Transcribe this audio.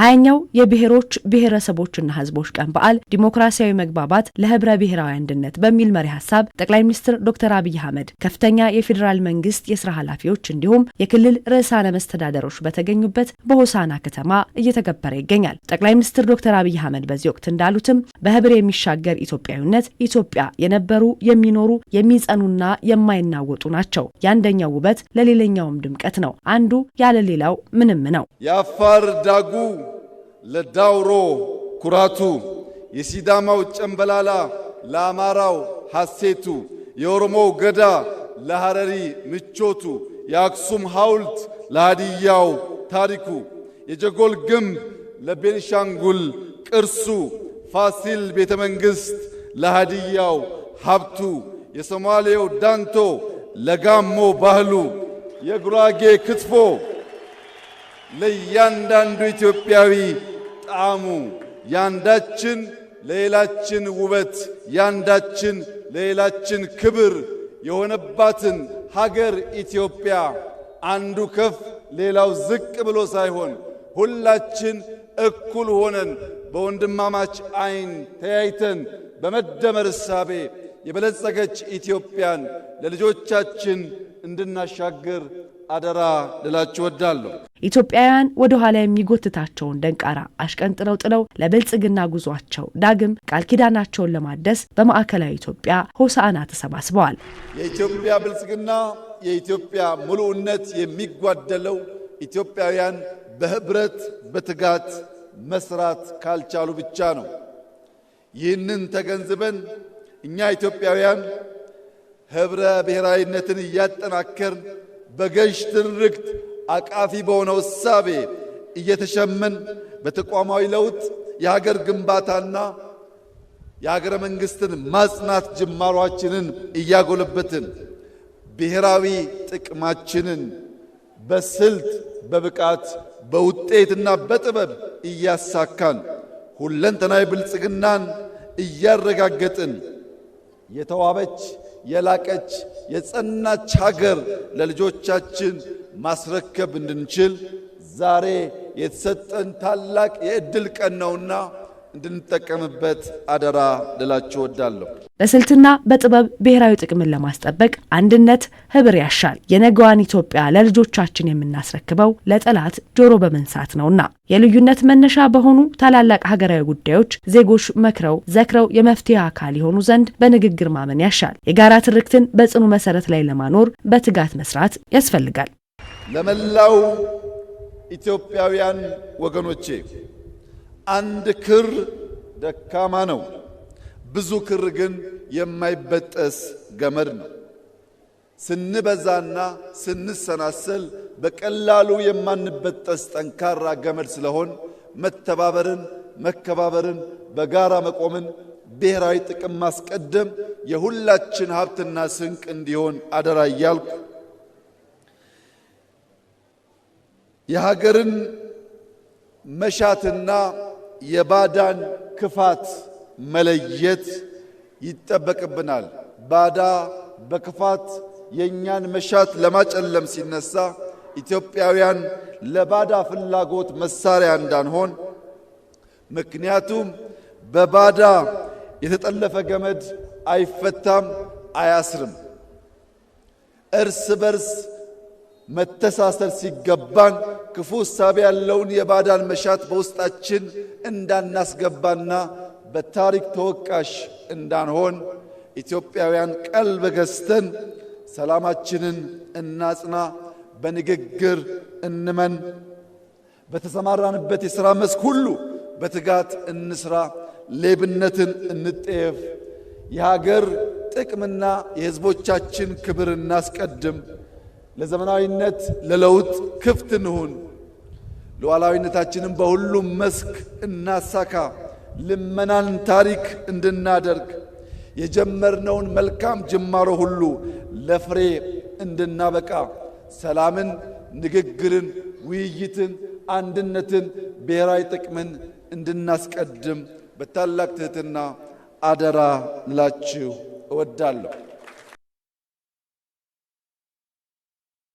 ሀያኛው የብሔሮች ብሔረሰቦችና ህዝቦች ቀን በዓል ዲሞክራሲያዊ መግባባት ለህብረ ብሔራዊ አንድነት በሚል መሪ ሀሳብ ጠቅላይ ሚኒስትር ዶክተር አብይ አህመድ ከፍተኛ የፌዴራል መንግስት የስራ ኃላፊዎች እንዲሁም የክልል ርዕሳነ መስተዳደሮች በተገኙበት በሆሳና ከተማ እየተከበረ ይገኛል። ጠቅላይ ሚኒስትር ዶክተር አብይ አህመድ በዚህ ወቅት እንዳሉትም በህብር የሚሻገር ኢትዮጵያዊነት ኢትዮጵያ የነበሩ የሚኖሩ የሚጸኑና የማይናወጡ ናቸው። የአንደኛው ውበት ለሌላኛውም ድምቀት ነው። አንዱ ያለ ሌላው ምንም ነው። የአፋር ዳጉ ለዳውሮ ኩራቱ፣ የሲዳማው ጨምበላላ ለአማራው ሐሴቱ፣ የኦሮሞው ገዳ ለሐረሪ ምቾቱ፣ የአክሱም ሐውልት ለሃዲያው ታሪኩ፣ የጀጎል ግንብ ለቤንሻንጉል ቅርሱ፣ ፋሲል ቤተ መንግሥት ለሃዲያው ሀብቱ፣ የሶማሌው ዳንቶ ለጋሞ ባህሉ፣ የጉራጌ ክትፎ ለእያንዳንዱ ኢትዮጵያዊ ጣዕሙ ያንዳችን ለሌላችን ውበት ያንዳችን ለሌላችን ክብር የሆነባትን ሀገር ኢትዮጵያ አንዱ ከፍ ሌላው ዝቅ ብሎ ሳይሆን ሁላችን እኩል ሆነን በወንድማማች አይን ተያይተን በመደመር እሳቤ የበለጸገች ኢትዮጵያን ለልጆቻችን እንድናሻግር አደራ ልላችሁ ወዳለሁ። ኢትዮጵያውያን ወደ ኋላ የሚጎትታቸውን ደንቃራ አሽቀንጥረው ጥለው ለብልጽግና ጉዟቸው ዳግም ቃል ኪዳናቸውን ለማደስ በማዕከላዊ ኢትዮጵያ ሆሳዕና ተሰባስበዋል። የኢትዮጵያ ብልጽግና፣ የኢትዮጵያ ሙሉእነት የሚጓደለው ኢትዮጵያውያን በህብረት በትጋት መስራት ካልቻሉ ብቻ ነው። ይህንን ተገንዝበን እኛ ኢትዮጵያውያን ህብረ ብሔራዊነትን እያጠናከርን በገዥ ትርክት አቃፊ በሆነው እሳቤ እየተሸመን በተቋማዊ ለውጥ የሀገር ግንባታና የሀገረ መንግስትን ማጽናት ጅማሯችንን እያጎለበትን ብሔራዊ ጥቅማችንን በስልት በብቃት በውጤትና በጥበብ እያሳካን ሁለንተናዊ ብልጽግናን እያረጋገጥን የተዋበች የላቀች የጸናች ሀገር ለልጆቻችን ማስረከብ እንድንችል ዛሬ የተሰጠን ታላቅ የእድል ቀን ነውና እንድንጠቀምበት አደራ ልላችሁ ወዳለሁ። በስልትና በጥበብ ብሔራዊ ጥቅምን ለማስጠበቅ አንድነት ህብር ያሻል። የነገዋን ኢትዮጵያ ለልጆቻችን የምናስረክበው ለጠላት ጆሮ በመንሳት ነውና የልዩነት መነሻ በሆኑ ታላላቅ ሀገራዊ ጉዳዮች ዜጎች መክረው ዘክረው የመፍትሄ አካል የሆኑ ዘንድ በንግግር ማመን ያሻል። የጋራ ትርክትን በጽኑ መሰረት ላይ ለማኖር በትጋት መስራት ያስፈልጋል። ለመላው ኢትዮጵያውያን ወገኖቼ አንድ ክር ደካማ ነው፣ ብዙ ክር ግን የማይበጠስ ገመድ ነው። ስንበዛና ስንሰናሰል በቀላሉ የማንበጠስ ጠንካራ ገመድ ስለሆን መተባበርን፣ መከባበርን፣ በጋራ መቆምን፣ ብሔራዊ ጥቅም ማስቀደም የሁላችን ሀብትና ስንቅ እንዲሆን አደራ እያልኩ የሀገርን መሻትና የባዳን ክፋት መለየት ይጠበቅብናል። ባዳ በክፋት የእኛን መሻት ለማጨለም ሲነሳ ኢትዮጵያውያን ለባዳ ፍላጎት መሳሪያ እንዳንሆን። ምክንያቱም በባዳ የተጠለፈ ገመድ አይፈታም፣ አያስርም። እርስ በርስ መተሳሰር ሲገባን ክፉ እሳቤ ያለውን የባዳን መሻት በውስጣችን እንዳናስገባና በታሪክ ተወቃሽ እንዳንሆን ኢትዮጵያውያን ቀልብ ገዝተን ሰላማችንን እናጽና፣ በንግግር እንመን፣ በተሰማራንበት የሥራ መስክ ሁሉ በትጋት እንስራ፣ ሌብነትን እንጠየፍ፣ የሀገር ጥቅምና የሕዝቦቻችን ክብር እናስቀድም፣ ለዘመናዊነት ለለውጥ ክፍት እንሁን። ሉዓላዊነታችንን በሁሉም መስክ እናሳካ፣ ልመናን ታሪክ እንድናደርግ የጀመርነውን መልካም ጅማሮ ሁሉ ለፍሬ እንድናበቃ ሰላምን፣ ንግግርን፣ ውይይትን፣ አንድነትን፣ ብሔራዊ ጥቅምን እንድናስቀድም በታላቅ ትህትና አደራ ልላችሁ እወዳለሁ።